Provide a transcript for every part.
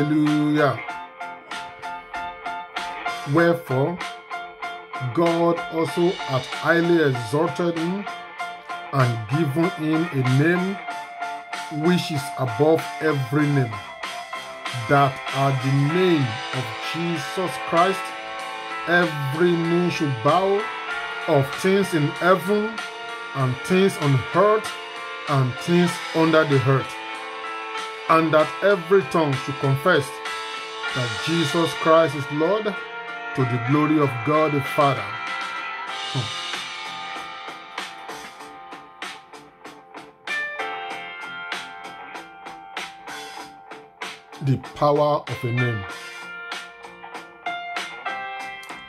Hallelujah. Wherefore, God also hath highly exalted him and given him a name which is above every name, that at the name of Jesus Christ every knee should bow of things in heaven and things on earth and things under the earth and that every tongue should confess that Jesus Christ is Lord to the glory of God the Father. Hmm. The power of a name.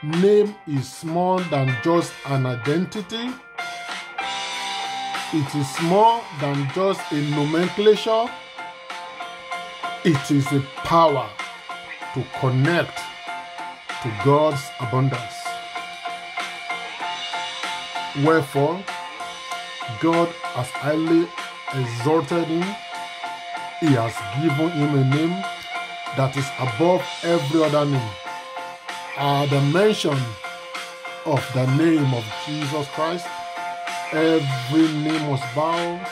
Name is more than just an identity. It is more than just a nomenclature it is a power to connect to God's abundance. Wherefore, God has highly exalted him. He has given him a name that is above every other name. At the mention of the name of Jesus Christ, every knee must bow,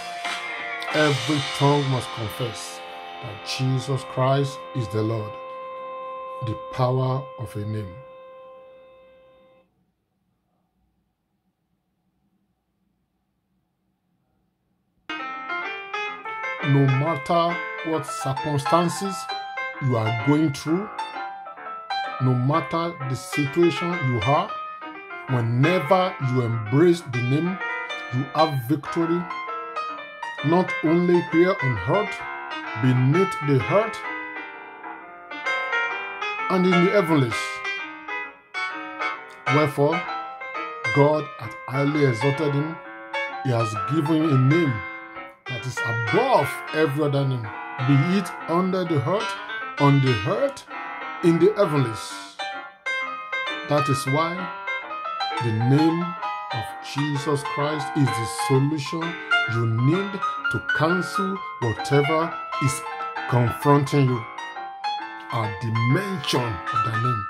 every tongue must confess that Jesus Christ is the Lord, the power of a name. No matter what circumstances you are going through, no matter the situation you are, whenever you embrace the name, you have victory, not only here on earth, beneath the earth and in the heavens. Wherefore, God hath highly exalted him, he has given him a name that is above every other name, be it under the earth, on the earth, in the heavens. That is why the name of Jesus Christ is the solution you need to cancel whatever is confronting you. At the mention of the name,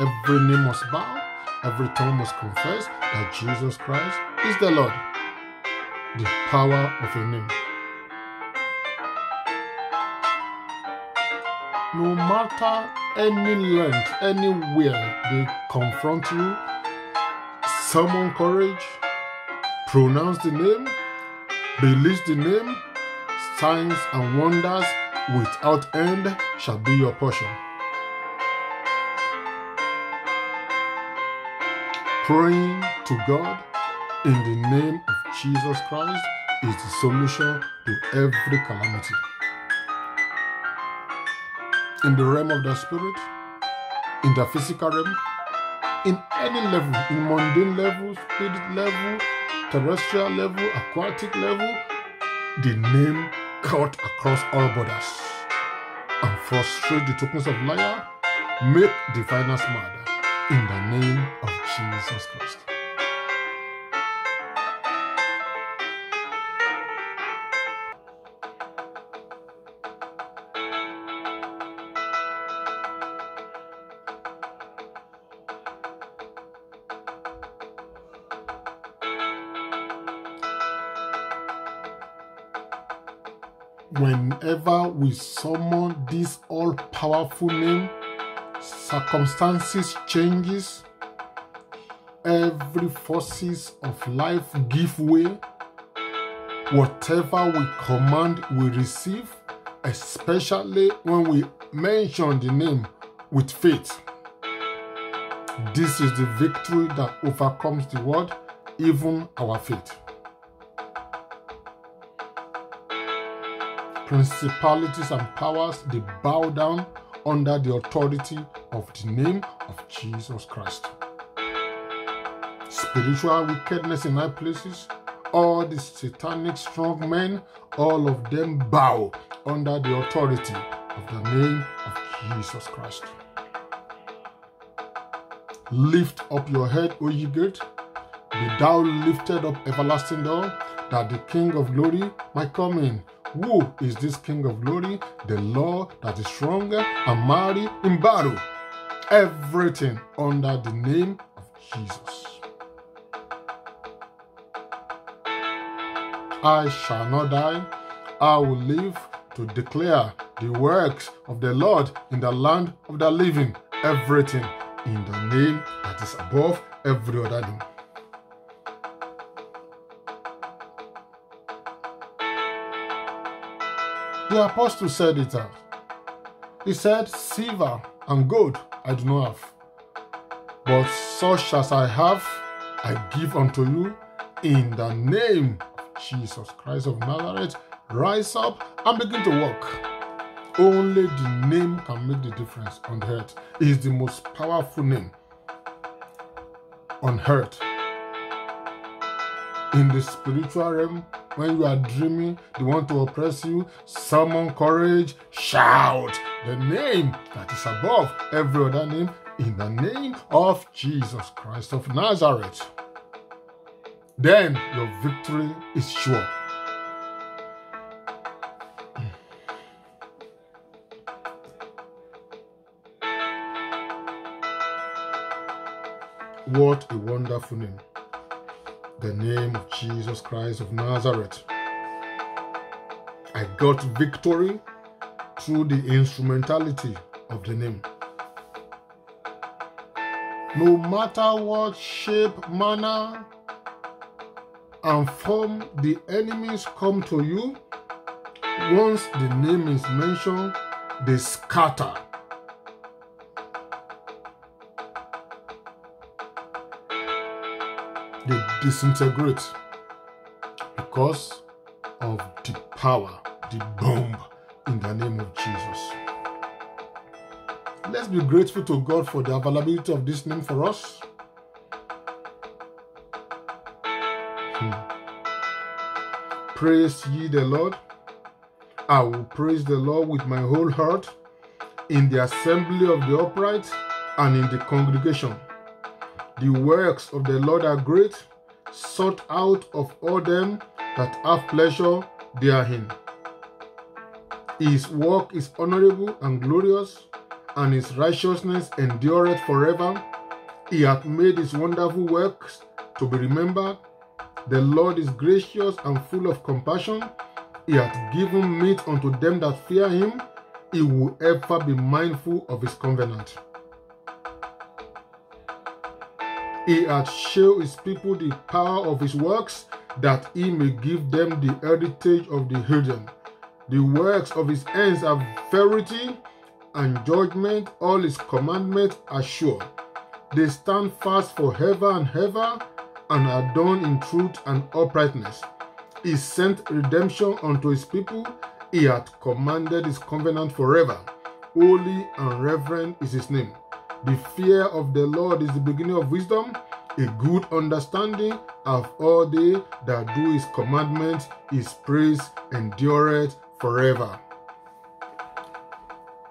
every name must bow, every tongue must confess that Jesus Christ is the Lord. The power of a name. No matter any length, anywhere they confront you, summon courage, pronounce the name, release the name, signs and wonders without end shall be your portion. Praying to God in the name of Jesus Christ is the solution to every calamity. In the realm of the spirit, in the physical realm, in any level, in mundane level, spirit level, terrestrial level, aquatic level, the name cut across all borders and frustrate the tokens of liar, make diviners mad in the name of Jesus Christ. we summon this all-powerful name, circumstances changes, every forces of life give way. Whatever we command, we receive, especially when we mention the name with faith. This is the victory that overcomes the world, even our faith. principalities and powers, they bow down under the authority of the name of Jesus Christ. Spiritual wickedness in high places, all the satanic strong men, all of them bow under the authority of the name of Jesus Christ. Lift up your head, O ye gate, be thou lifted up everlasting door, that the King of glory might come in. Who is this King of glory? The Lord that is stronger and mighty in battle. Everything under the name of Jesus. I shall not die. I will live to declare the works of the Lord in the land of the living. Everything in the name that is above every other name. The apostle said it out. He said, Silver and gold I do not have, but such as I have, I give unto you in the name of Jesus Christ of Nazareth. Rise up and begin to walk. Only the name can make the difference on earth. It is the most powerful name on earth. In the spiritual realm, when you are dreaming, they want to oppress you. Summon courage, shout the name that is above every other name in the name of Jesus Christ of Nazareth. Then your victory is sure. Hmm. What a wonderful name the name of Jesus Christ of Nazareth. I got victory through the instrumentality of the name. No matter what shape, manner, and form the enemies come to you, once the name is mentioned, they scatter. they disintegrate because of the power, the bomb in the name of Jesus. Let's be grateful to God for the availability of this name for us. Hmm. Praise ye the Lord. I will praise the Lord with my whole heart in the assembly of the upright and in the congregation. The works of the Lord are great, sought out of all them that have pleasure therein. His work is honorable and glorious, and his righteousness endureth forever. He hath made his wonderful works to be remembered. The Lord is gracious and full of compassion. He hath given meat unto them that fear him. He will ever be mindful of his covenant. he hath showed his people the power of his works, that he may give them the heritage of the hidden. The works of his hands are verity and judgment, all his commandments are sure. They stand fast forever and ever, and are done in truth and uprightness. He sent redemption unto his people, he hath commanded his covenant forever. Holy and reverend is his name. The fear of the Lord is the beginning of wisdom. A good understanding of all they that do his commandments, is praise endureth forever.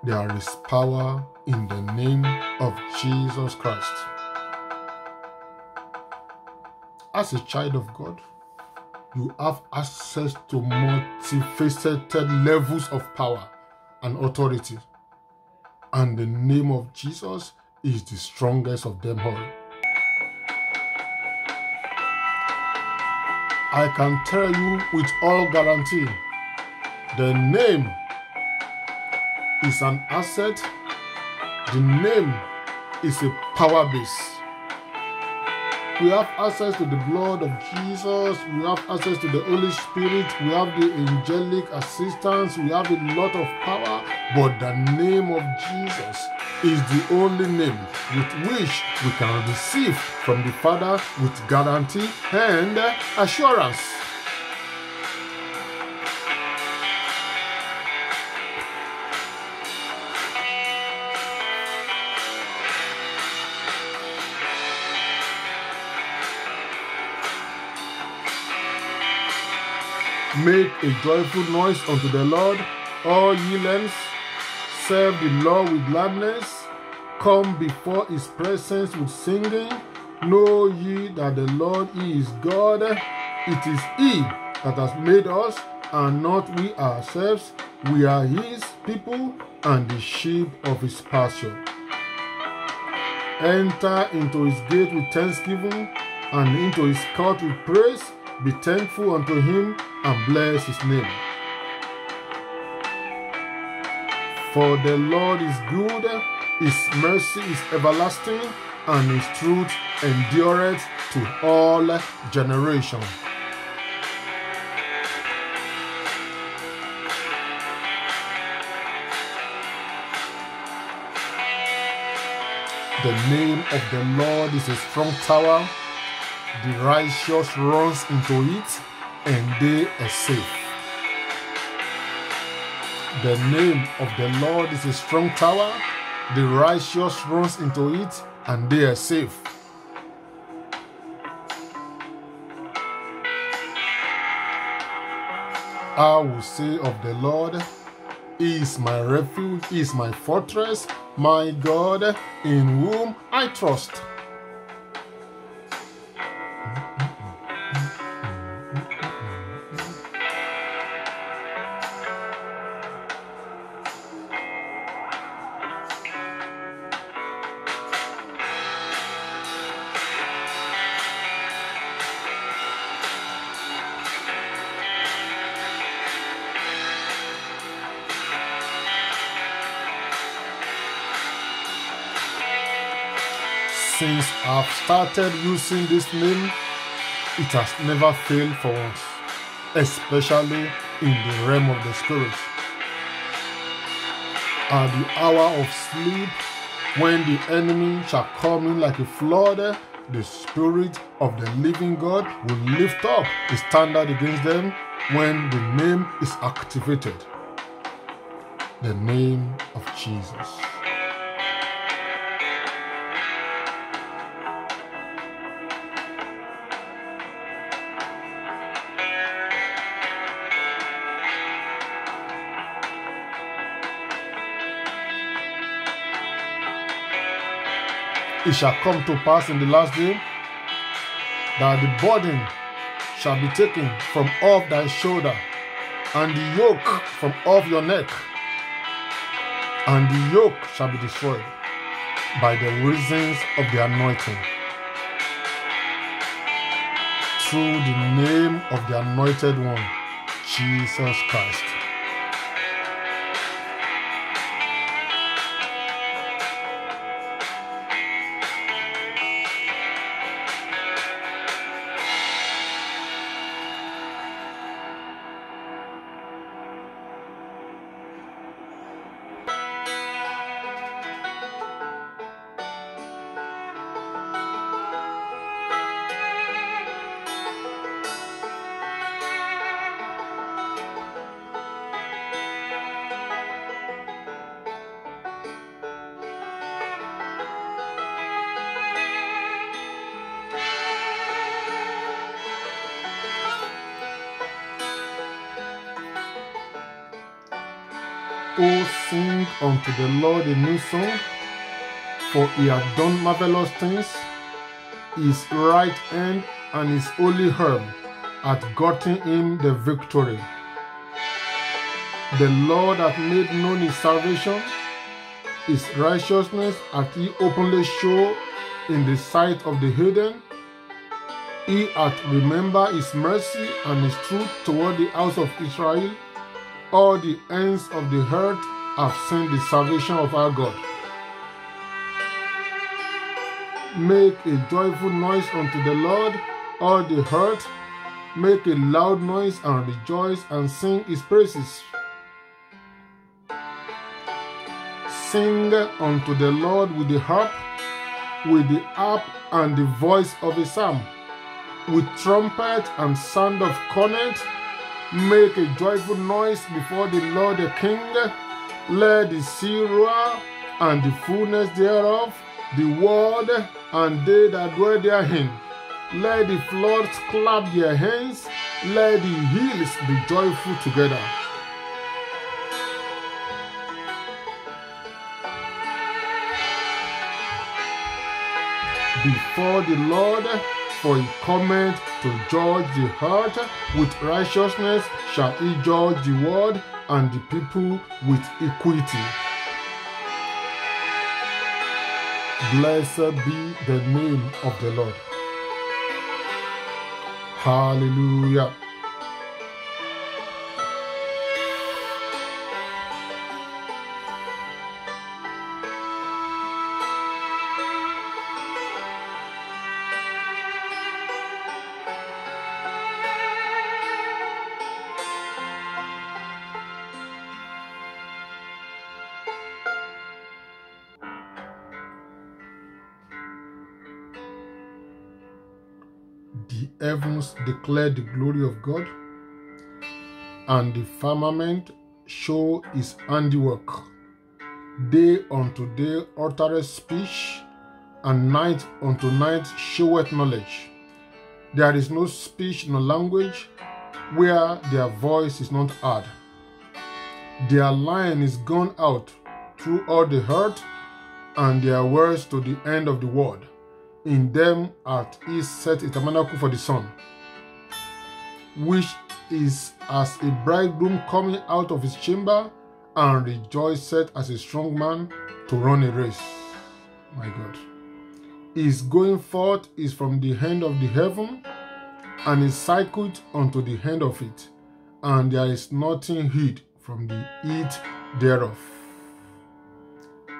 There is power in the name of Jesus Christ. As a child of God, you have access to multifaceted levels of power and authority. And the name of Jesus is the strongest of them all. I can tell you with all guarantee the name is an asset, the name is a power base. We have access to the blood of Jesus. We have access to the Holy Spirit. We have the angelic assistance. We have a lot of power. But the name of Jesus is the only name with which we can receive from the Father with guarantee and assurance. Make a joyful noise unto the Lord, all ye lands serve the Lord with gladness, come before his presence with singing. Know ye that the Lord is God, it is he that has made us, and not we ourselves. We are his people and the sheep of his pasture. Enter into his gate with thanksgiving and into his court with praise. Be thankful unto him and bless his name. For the Lord is good, his mercy is everlasting, and his truth endureth to all generations. The name of the Lord is a strong tower, the righteous runs into it, and they are safe. The name of the Lord is a strong tower, the righteous runs into it, and they are safe. I will say of the Lord, He is my refuge, He is my fortress, my God, in whom I trust. started using this name, it has never failed for us, especially in the realm of the spirit. At the hour of sleep, when the enemy shall come in like a flood, the Spirit of the living God will lift up a standard against them when the name is activated. The name of Jesus. it shall come to pass in the last day that the burden shall be taken from off thy shoulder, and the yoke from off your neck, and the yoke shall be destroyed by the reasons of the anointing. Through the name of the anointed one, Jesus Christ. a new song, for he hath done marvelous things. His right hand and his holy herb hath gotten him the victory. The Lord hath made known his salvation, his righteousness hath he openly showed in the sight of the hidden. He hath remembered his mercy and his truth toward the house of Israel. All the ends of the earth have seen the salvation of our God. Make a joyful noise unto the Lord, all the earth. Make a loud noise and rejoice and sing his praises. Sing unto the Lord with the harp, with the harp and the voice of a psalm, with trumpet and sound of cornet. Make a joyful noise before the Lord the King let the Syria and the fullness thereof, the world and they that dwell therein. Let the floods clap their hands, let the hills be joyful together. Before the Lord, for he cometh to judge the heart, with righteousness shall he judge the world, and the people with equity. Blessed be the name of the Lord. Hallelujah. declare the glory of God, and the firmament show his handiwork. Day unto day uttereth speech, and night unto night showeth knowledge. There is no speech nor language where their voice is not heard. Their line is gone out through all the earth, and their words to the end of the world. In them hath he set a tabernacle for the sun, which is as a bridegroom coming out of his chamber and rejoiceth as a strong man to run a race. My God. His going forth is from the hand of the heaven and is cycled unto the hand of it, and there is nothing hid from the heat thereof.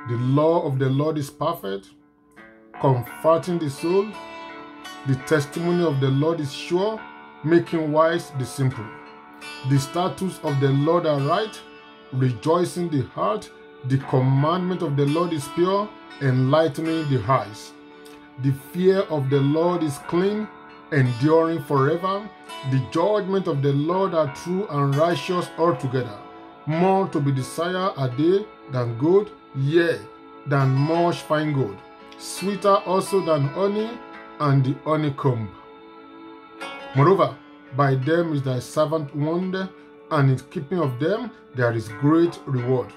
The law of the Lord is perfect, comforting the soul. The testimony of the Lord is sure, making wise the simple. The statutes of the Lord are right, rejoicing the heart. The commandment of the Lord is pure, enlightening the eyes. The fear of the Lord is clean, enduring forever. The judgment of the Lord are true and righteous altogether. More to be desired are they than gold, yea, than much fine gold, sweeter also than honey and the honeycomb. Moreover, by them is thy servant wonder, and in keeping of them there is great reward.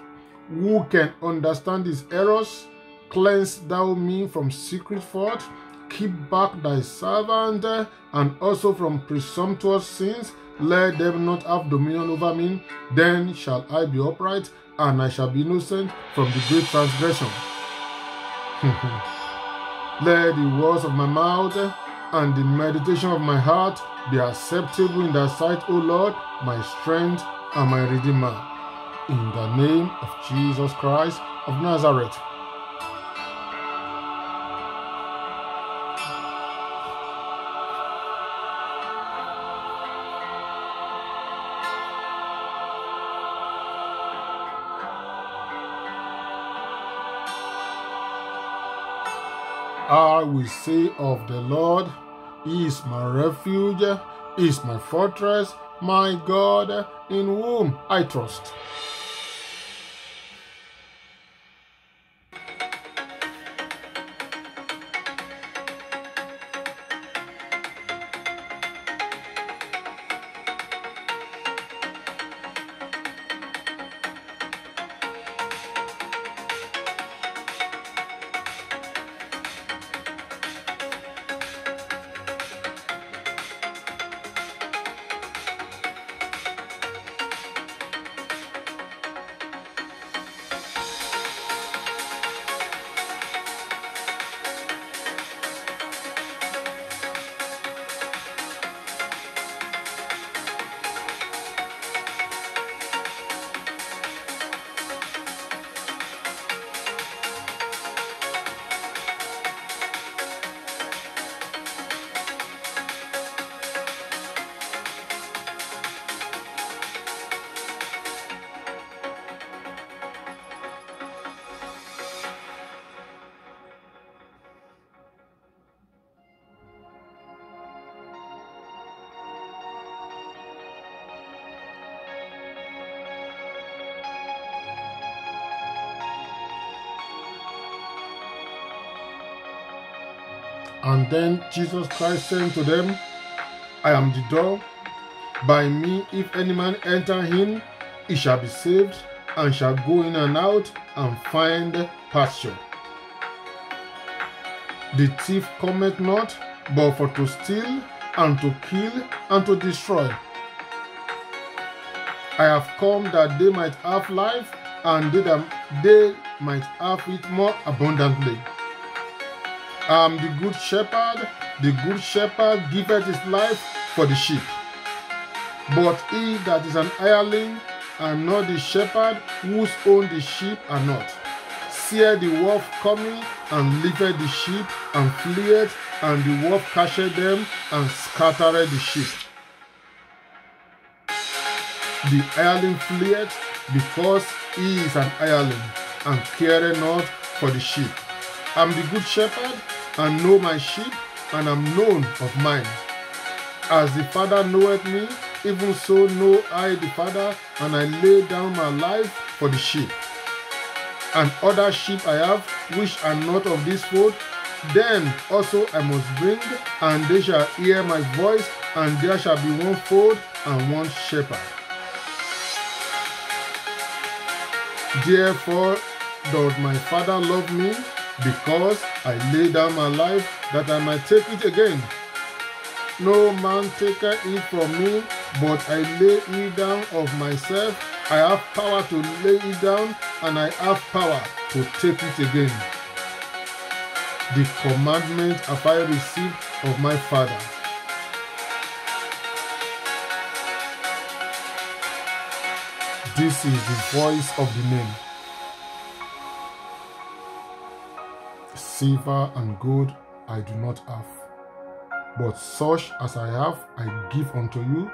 Who can understand his errors? Cleanse thou me from secret fault. Keep back thy servant, and also from presumptuous sins. Let them not have dominion over me. Then shall I be upright, and I shall be innocent from the great transgression. Let the words of my mouth and the meditation of my heart be acceptable in thy sight, O Lord, my strength and my redeemer. In the name of Jesus Christ of Nazareth. I will say of the Lord, He is my refuge, He is my fortress, my God, in whom I trust. And then Jesus Christ said to them, I am the door. By me, if any man enter in, he shall be saved, and shall go in and out and find pasture. The thief cometh not, but for to steal, and to kill, and to destroy. I have come that they might have life, and that they might have it more abundantly am the good shepherd, the good shepherd giveth his life for the sheep. But he that is an hireling and not the shepherd, whose own the sheep are not, seeth the wolf coming and leaveth the sheep and fleeth, and the wolf catcheth them and scattereth the sheep. The hireling fleeth because he is an hireling and careth not for the sheep. I'm the good shepherd, and know my sheep, and am known of mine. As the Father knoweth me, even so know I the Father, and I lay down my life for the sheep. And other sheep I have, which are not of this fold, them also I must bring, and they shall hear my voice, and there shall be one fold and one shepherd. Therefore doth my Father love me, because I lay down my life that I might take it again. No man taketh it from me, but I lay it down of myself. I have power to lay it down, and I have power to take it again. The commandment have I received of my Father. This is the voice of the name. Silver and gold I do not have, but such as I have I give unto you.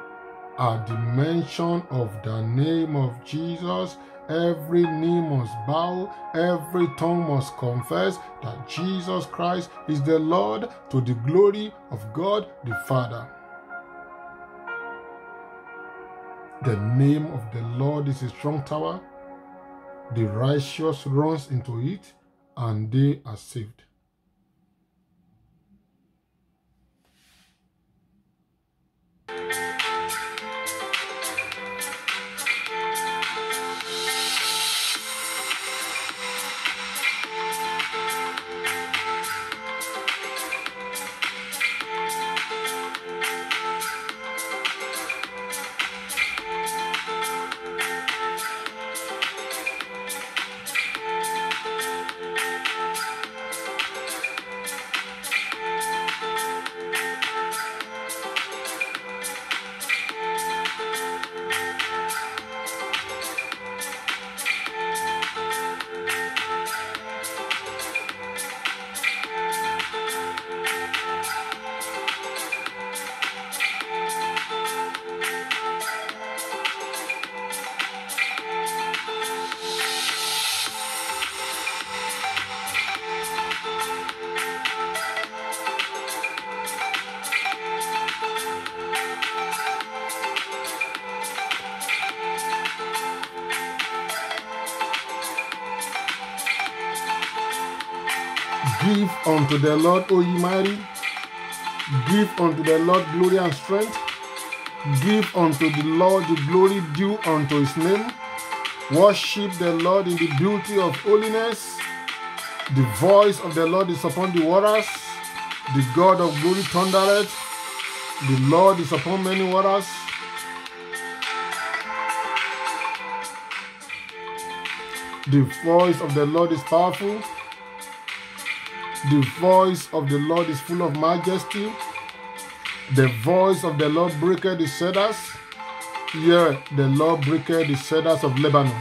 At the mention of the name of Jesus, every knee must bow, every tongue must confess that Jesus Christ is the Lord to the glory of God the Father. The name of the Lord is a strong tower. The righteous runs into it and they are saved. Give unto the Lord, O ye mighty. Give unto the Lord glory and strength. Give unto the Lord the glory due unto his name. Worship the Lord in the beauty of holiness. The voice of the Lord is upon the waters. The God of glory thundereth. The Lord is upon many waters. The voice of the Lord is powerful. The voice of the Lord is full of majesty. The voice of the Lord breaketh the cedars. Yeah, the Lord breaketh the cedars of Lebanon.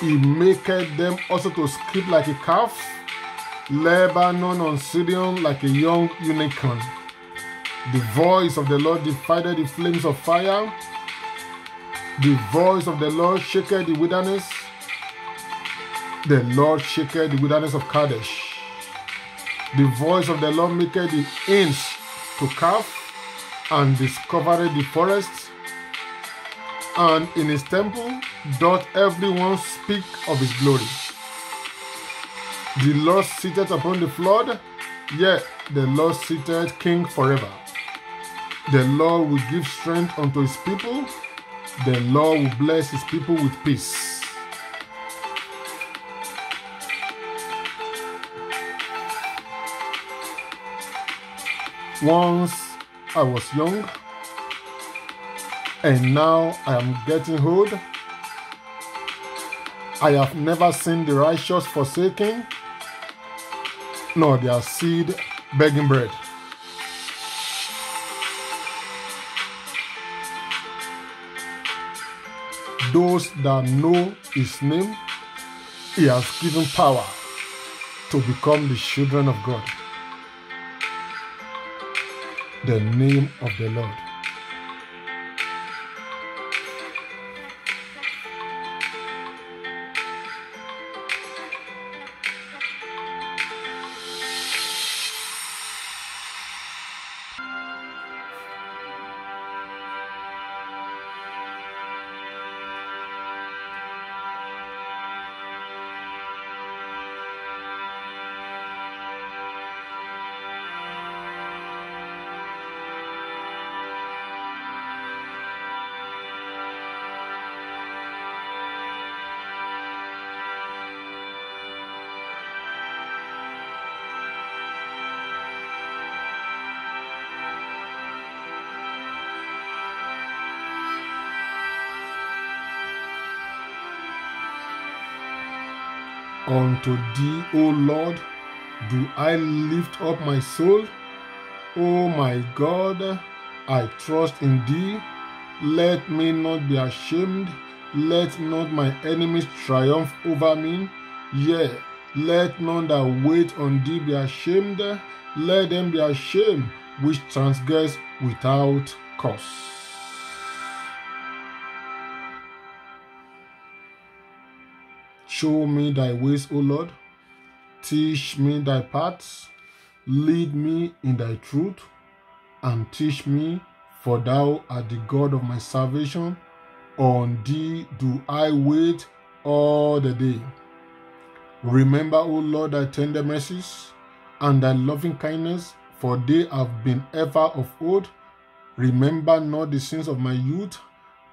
He maketh them also to skip like a calf, Lebanon on Sidon like a young unicorn. The voice of the Lord divided the flames of fire. The voice of the Lord shaketh the wilderness. The Lord shaketh the wilderness of Kadesh. The voice of the Lord maketh the inns to calf and discovered the forests. And in his temple doth everyone speak of his glory. The Lord seated upon the flood, yet the Lord seated king forever. The Lord will give strength unto his people, the Lord will bless his people with peace. Once I was young, and now I am getting old. I have never seen the righteous forsaken, nor their seed begging bread. Those that know his name, he has given power to become the children of God the name of the Lord. Unto thee, O Lord, do I lift up my soul. O my God, I trust in thee. Let me not be ashamed. Let not my enemies triumph over me. Yea, let none that wait on thee be ashamed. Let them be ashamed which transgress without cause. Show me thy ways, O Lord. Teach me thy paths. Lead me in thy truth and teach me, for thou art the God of my salvation. On thee do I wait all the day. Remember, O Lord, thy tender mercies and thy loving kindness, for they have been ever of old. Remember not the sins of my youth,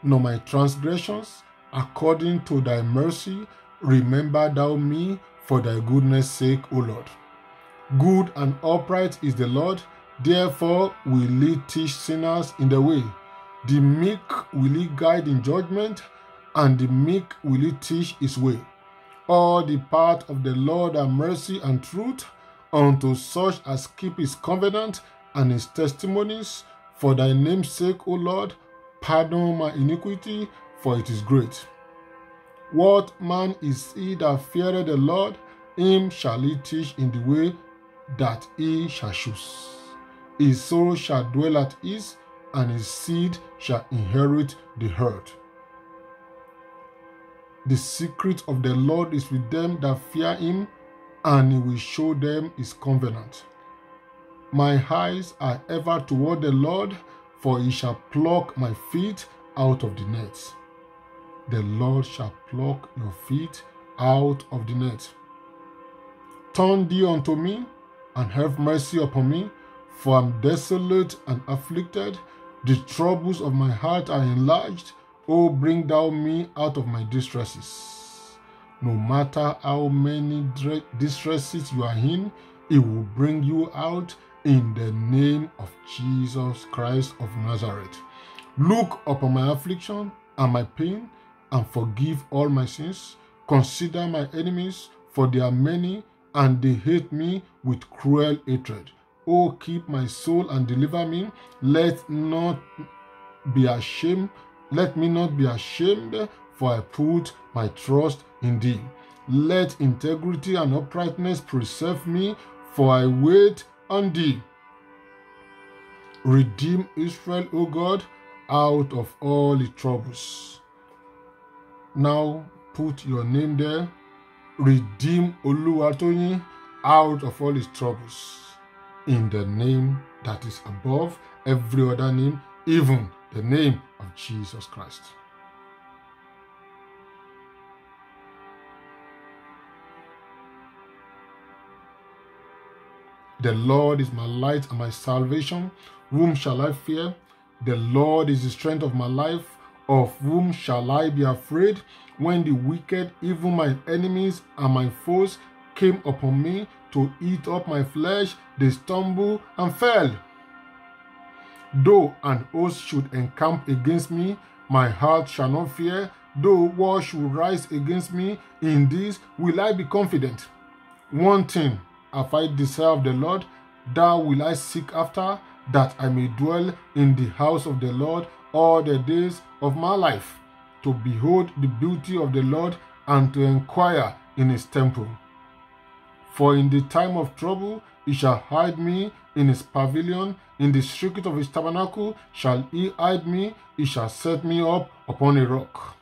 nor my transgressions, according to thy mercy Remember thou me for thy goodness' sake, O Lord. Good and upright is the Lord, therefore will he teach sinners in the way. The meek will he guide in judgment, and the meek will he teach his way. All the path of the Lord are mercy and truth unto such as keep his covenant and his testimonies. For thy name's sake, O Lord, pardon my iniquity, for it is great. What man is he that feareth the Lord? Him shall he teach in the way that he shall choose. His soul shall dwell at ease, and his seed shall inherit the earth. The secret of the Lord is with them that fear him, and he will show them his covenant. My eyes are ever toward the Lord, for he shall pluck my feet out of the nets the Lord shall pluck your feet out of the net. Turn thee unto me, and have mercy upon me, for I am desolate and afflicted. The troubles of my heart are enlarged. O bring thou me out of my distresses. No matter how many distresses you are in, it will bring you out in the name of Jesus Christ of Nazareth. Look upon my affliction and my pain and forgive all my sins. Consider my enemies, for they are many, and they hate me with cruel hatred. O keep my soul and deliver me. Let not be ashamed. Let me not be ashamed, for I put my trust in thee. Let integrity and uprightness preserve me, for I wait on thee. Redeem Israel, O God, out of all its troubles. Now put your name there. Redeem Oluwatoyin out of all his troubles in the name that is above every other name, even the name of Jesus Christ. The Lord is my light and my salvation. Whom shall I fear? The Lord is the strength of my life. Of whom shall I be afraid when the wicked, even my enemies and my foes, came upon me to eat up my flesh? They stumbled and fell. Though an host should encamp against me, my heart shall not fear. Though war should rise against me, in this will I be confident. One thing have I desired the Lord, that will I seek after, that I may dwell in the house of the Lord all the days of my life to behold the beauty of the Lord and to inquire in his temple. For in the time of trouble he shall hide me in his pavilion, in the secret of his tabernacle shall he hide me, he shall set me up upon a rock.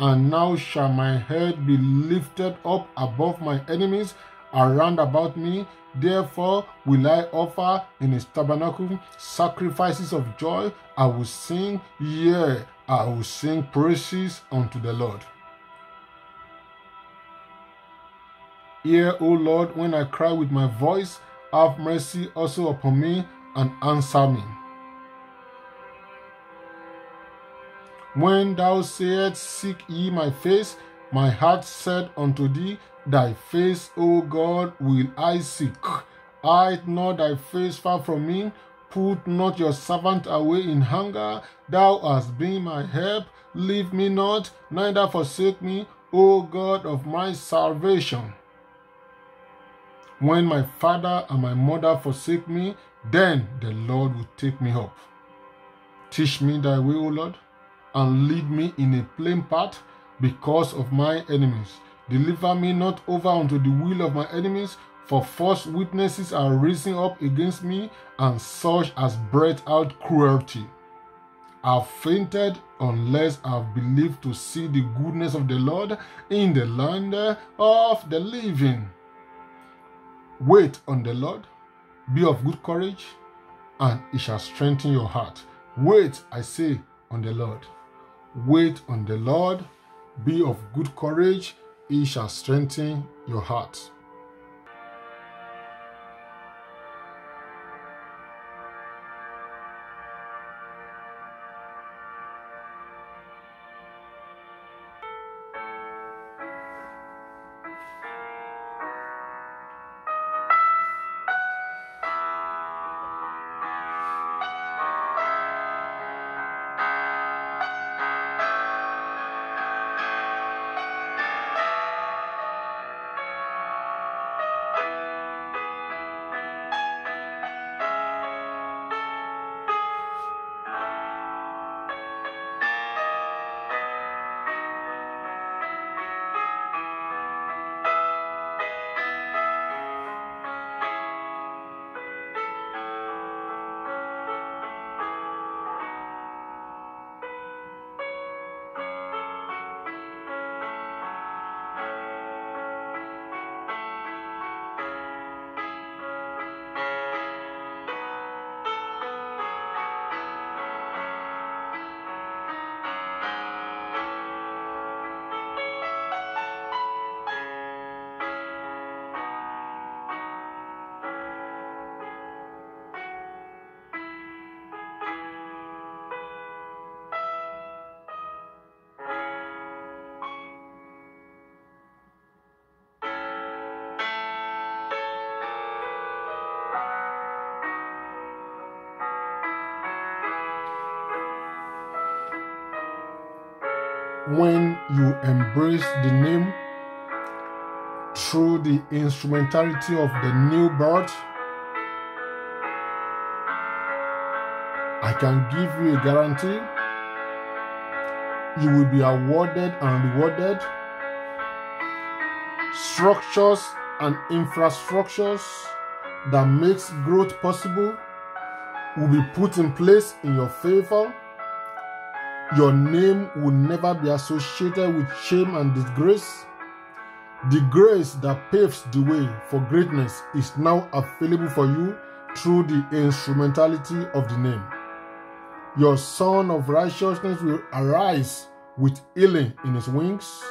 And now shall my head be lifted up above my enemies, Around about me. Therefore will I offer in his tabernacle sacrifices of joy. I will sing, yea, I will sing praises unto the Lord. Hear, O Lord, when I cry with my voice, have mercy also upon me and answer me. When thou sayest, Seek ye my face, my heart said unto thee, Thy face, O God, will I seek. Hide not thy face far from me. Put not your servant away in hunger. Thou hast been my help. Leave me not, neither forsake me, O God of my salvation. When my father and my mother forsake me, then the Lord will take me up. Teach me thy way, O Lord, and lead me in a plain path because of my enemies. Deliver me not over unto the will of my enemies, for false witnesses are rising up against me, and such as breathe out cruelty. I've fainted unless I've believed to see the goodness of the Lord in the land of the living. Wait on the Lord, be of good courage, and it shall strengthen your heart. Wait, I say, on the Lord. Wait on the Lord, be of good courage, he shall strengthen your heart. when you embrace the name through the instrumentality of the new birth, I can give you a guarantee you will be awarded and rewarded. Structures and infrastructures that makes growth possible will be put in place in your favor. Your name will never be associated with shame and disgrace. The grace that paves the way for greatness is now available for you through the instrumentality of the name. Your son of righteousness will arise with healing in his wings.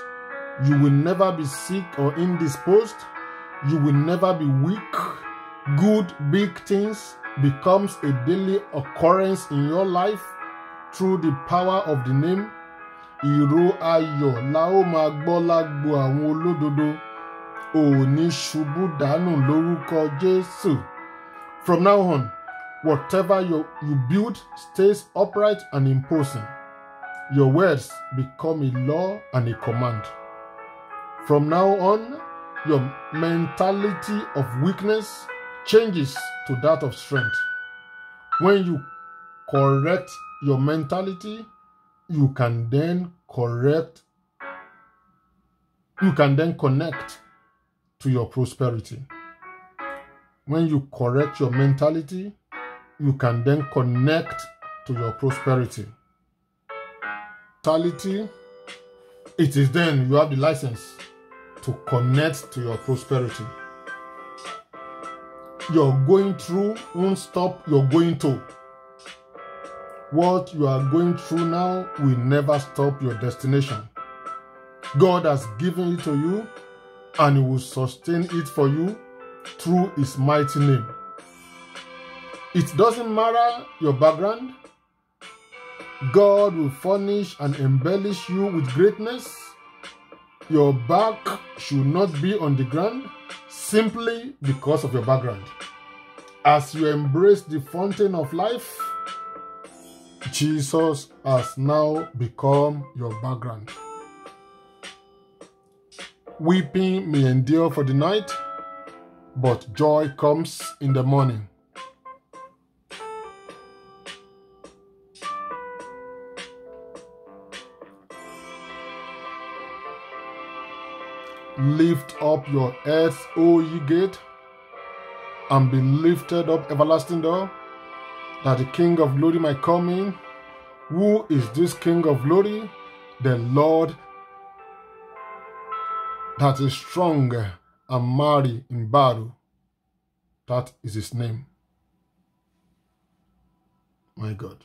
You will never be sick or indisposed. You will never be weak. Good big things becomes a daily occurrence in your life through the power of the name ìró ayọ̀ la ó máa gbọ́ lágbo àwọn olódodo ò ní ṣubú dànù lórúkọ Jésù from now on whatever you, you build stays upright and imposing your words become a law and a command from now on your mentality of weakness changes to that of strength when you correct your mentality, you can then correct, you can then connect to your prosperity. When you correct your mentality, you can then connect to your prosperity. Mentality, it is then you have the license to connect to your prosperity. You're going through won't stop you're going to. What you are going through now will never stop your destination. God has given it to you and He will sustain it for you through His mighty name. It doesn't matter your background, God will furnish and embellish you with greatness. Your back should not be on the ground simply because of your background. As you embrace the fountain of life, Jesus has now become your background. Weeping may endure for the night, but joy comes in the morning. Lift up your heads, O ye gate, and be lifted up, everlasting door that the King of glory might come in. Who is this King of glory? The Lord that is strong and mighty in battle. That is his name. My God.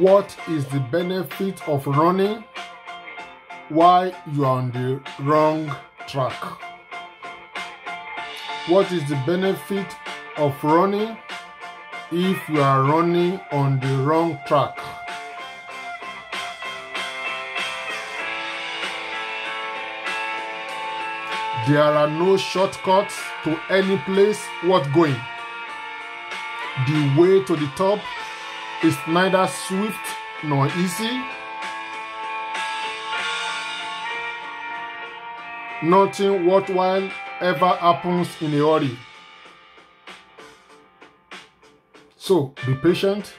What is the benefit of running? Why you are on the wrong track? What is the benefit of running if you are running on the wrong track? There are no shortcuts to any place worth going. The way to the top is neither swift nor easy. Nothing worthwhile ever happens in a hurry. So be patient,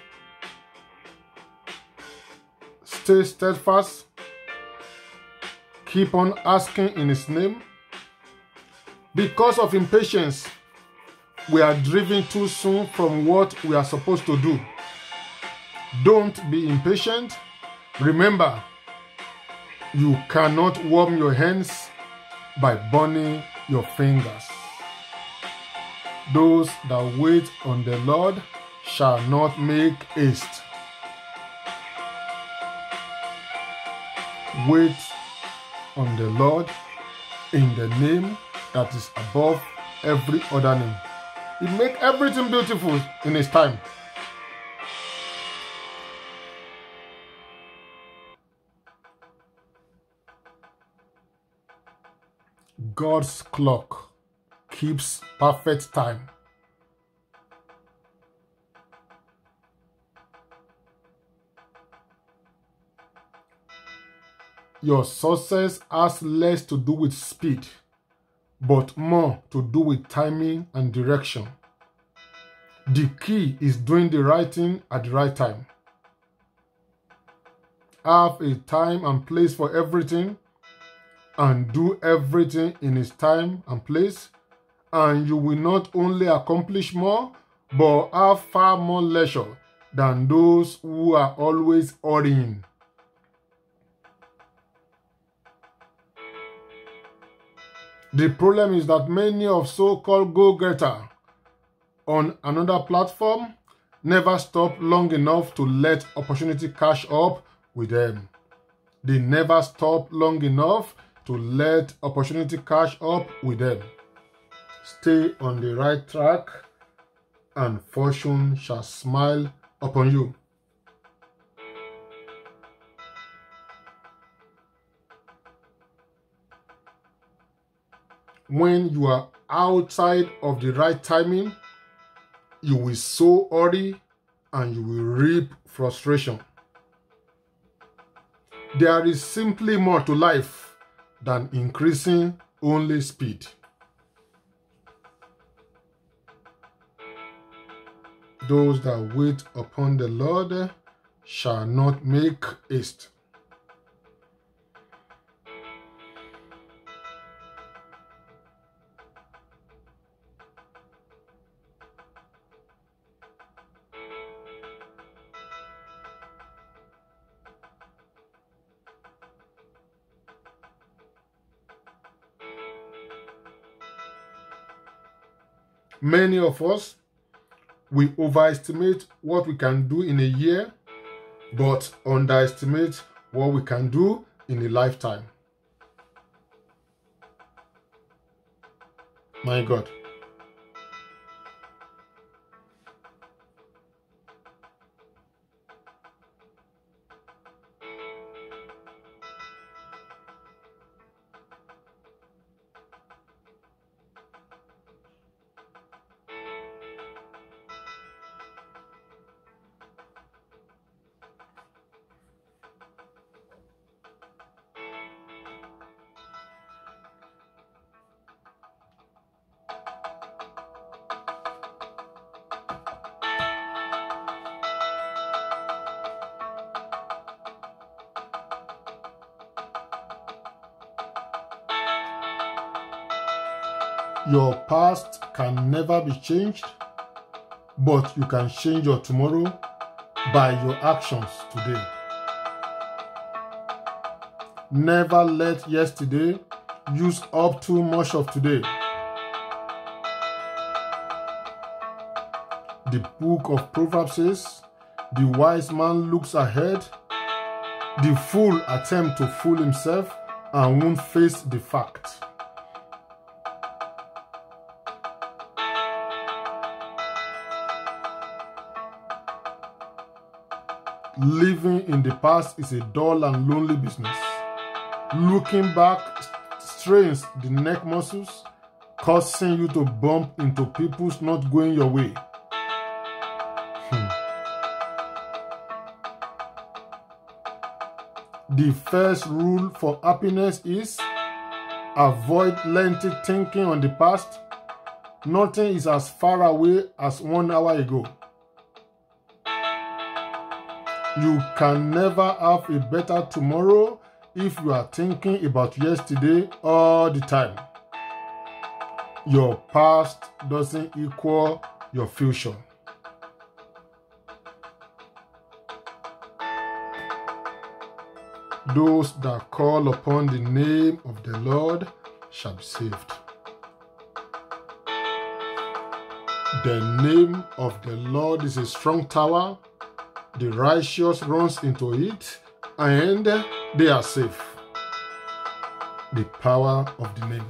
stay steadfast, keep on asking in His name. Because of impatience, we are driven too soon from what we are supposed to do. Don't be impatient. Remember, you cannot warm your hands by burning your fingers. Those that wait on the Lord shall not make haste. Wait on the Lord in the name that is above every other name. He make everything beautiful in his time. God's clock keeps perfect time. Your success has less to do with speed, but more to do with timing and direction. The key is doing the right thing at the right time. Have a time and place for everything and do everything in its time and place, and you will not only accomplish more, but have far more leisure than those who are always hurrying. The problem is that many of so-called go-getter on another platform never stop long enough to let opportunity catch up with them. They never stop long enough to let opportunity catch up with them. Stay on the right track, and fortune shall smile upon you. When you are outside of the right timing, you will sow worry, and you will reap frustration. There is simply more to life than increasing only speed. Those that wait upon the Lord shall not make haste. Many of us, we overestimate what we can do in a year, but underestimate what we can do in a lifetime. My God. be changed, but you can change your tomorrow by your actions today. Never let yesterday use up too much of today. The book of Proverbs says, The wise man looks ahead, the fool attempts to fool himself and won't face the fact. Living in the past is a dull and lonely business. Looking back strains the neck muscles, causing you to bump into people's not going your way. Hmm. The first rule for happiness is avoid lengthy thinking on the past. Nothing is as far away as one hour ago. You can never have a better tomorrow if you are thinking about yesterday all the time. Your past doesn't equal your future. Those that call upon the name of the Lord shall be saved. The name of the Lord is a strong tower The righteous runs into it and they are safe. The power of the name.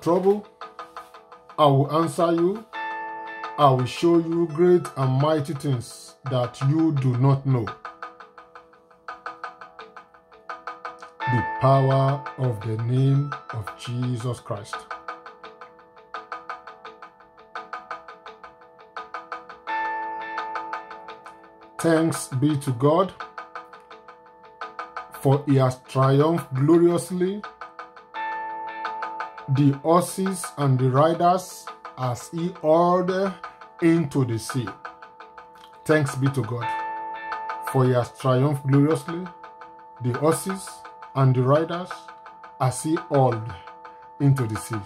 trouble, I will answer you. I will show you great and mighty things that you do not know. The power of the name of Jesus Christ. Thanks be to God, for he has triumphed gloriously the horses and the riders as he ordered, into the sea. Thanks be to God, for he has triumphed gloriously the horses and the riders as he hauled into the sea.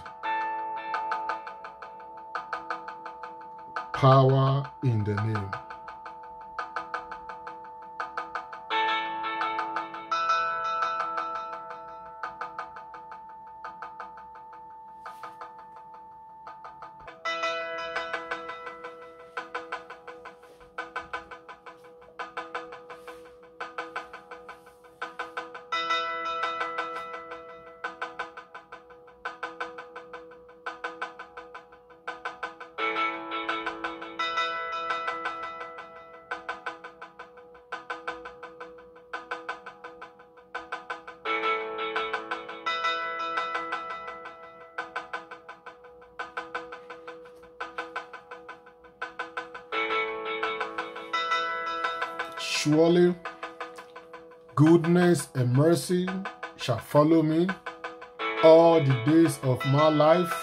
Power in the name. follow me all the days of my life,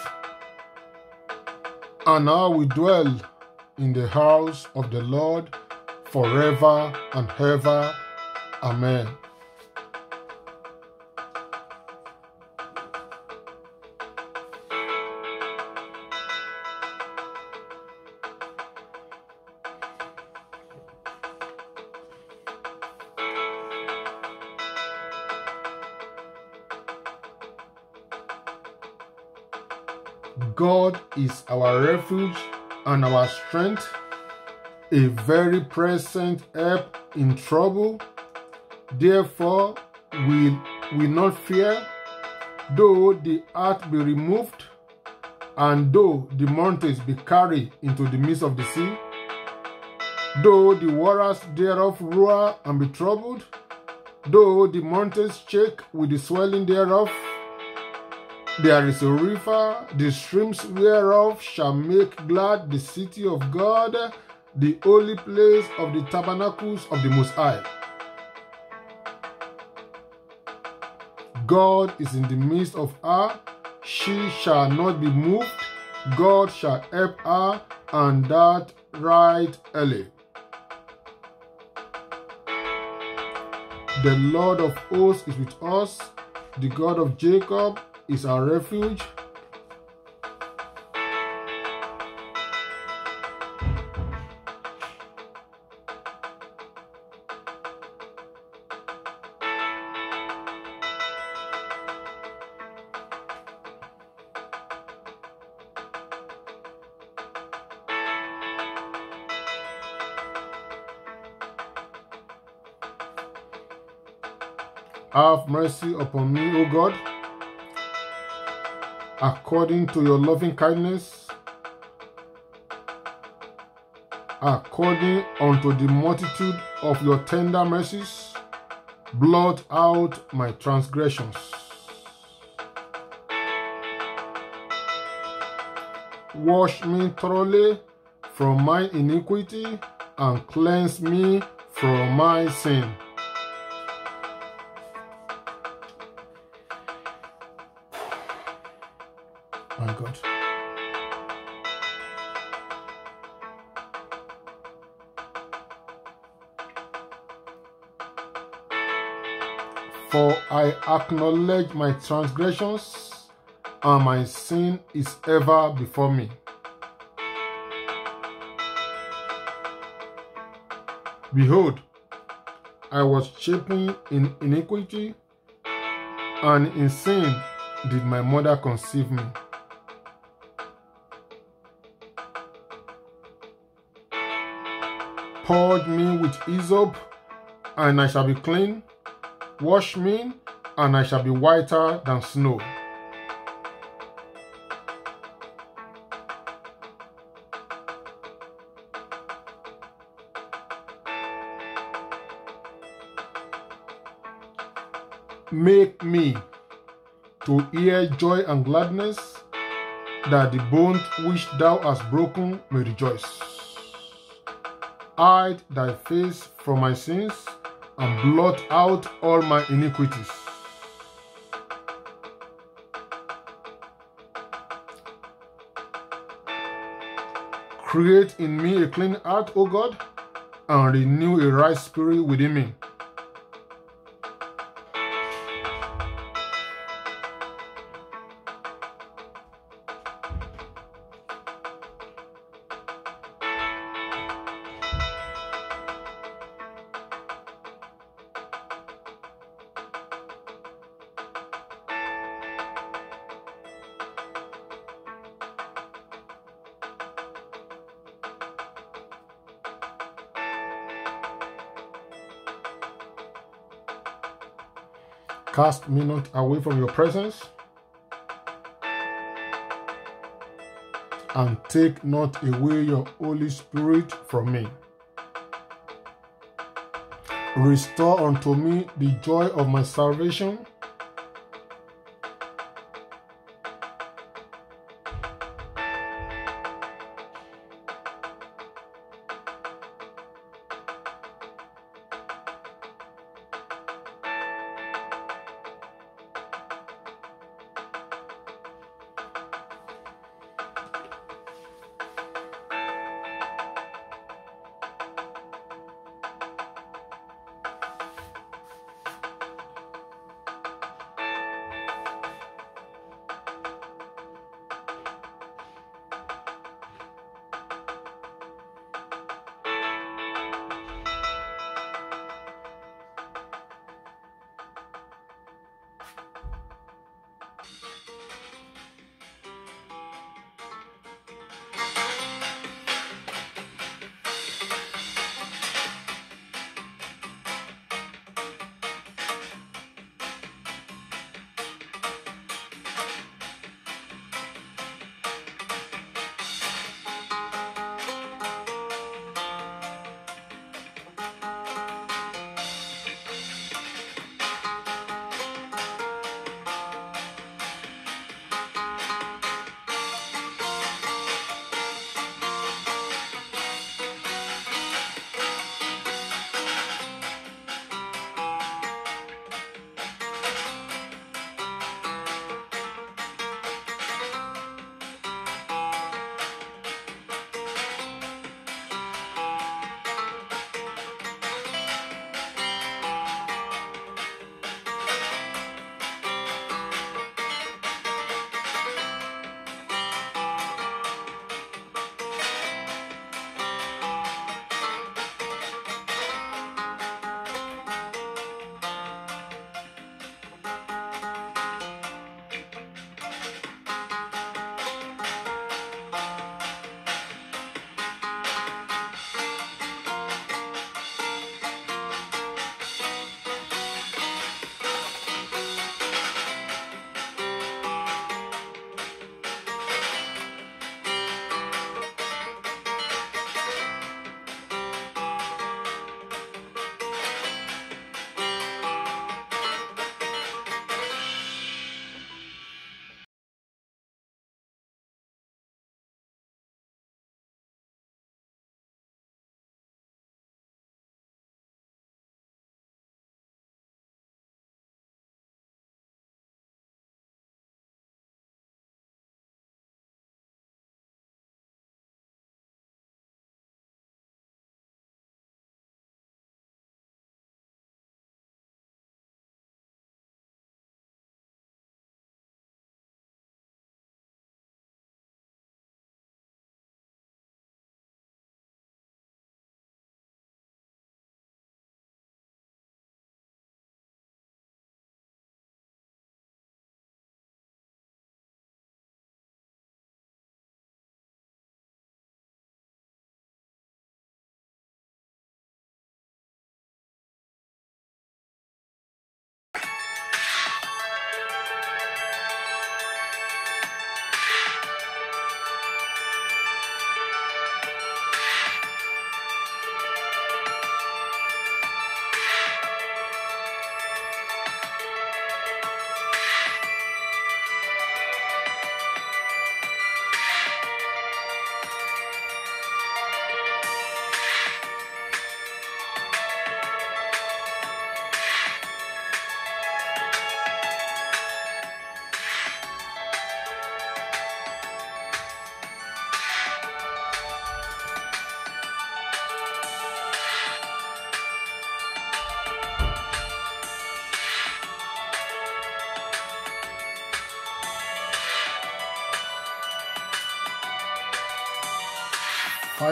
and I will dwell in the house of the Lord forever and ever. Amen. God is our refuge and our strength, a very present help in trouble. Therefore, we will not fear, though the earth be removed, and though the mountains be carried into the midst of the sea, though the waters thereof roar and be troubled, though the mountains shake with the swelling thereof, There is a river, the streams whereof shall make glad the city of God, the holy place of the tabernacles of the Most High. God is in the midst of her, she shall not be moved, God shall help her, and that right early. The Lord of hosts is with us, the God of Jacob is our refuge. Have mercy upon me, O God according to your loving kindness, according unto the multitude of your tender mercies, blot out my transgressions. Wash me thoroughly from my iniquity and cleanse me from my sin. really For I acknowledge my transgressions, and my sin is ever before me. Behold, I was shapen in iniquity, and in sin did my mother conceive me. Purge me with hyssop, and I shall be clean. Wash me, and I shall be whiter than snow. Make me to hear joy and gladness, that the bones which thou hast broken may rejoice. hide thy face from my sins and blot out all my iniquities. Create in me a clean heart, O God, and renew a right spirit within me. Cast me not away from your presence, and take not away your Holy Spirit from me. Restore unto me the joy of my salvation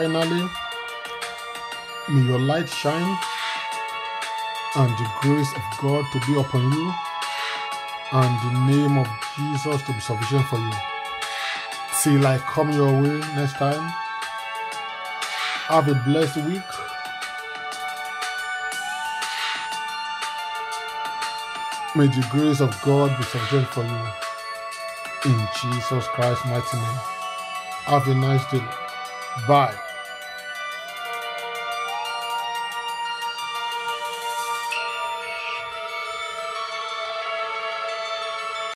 finally, may your light shine and the grace of God to be upon you and the name of Jesus to be sufficient for you. See light come your way next time, have a blessed week. May the grace of God be sufficient for you. In Jesus Christ's mighty name. Have a nice day. Bye.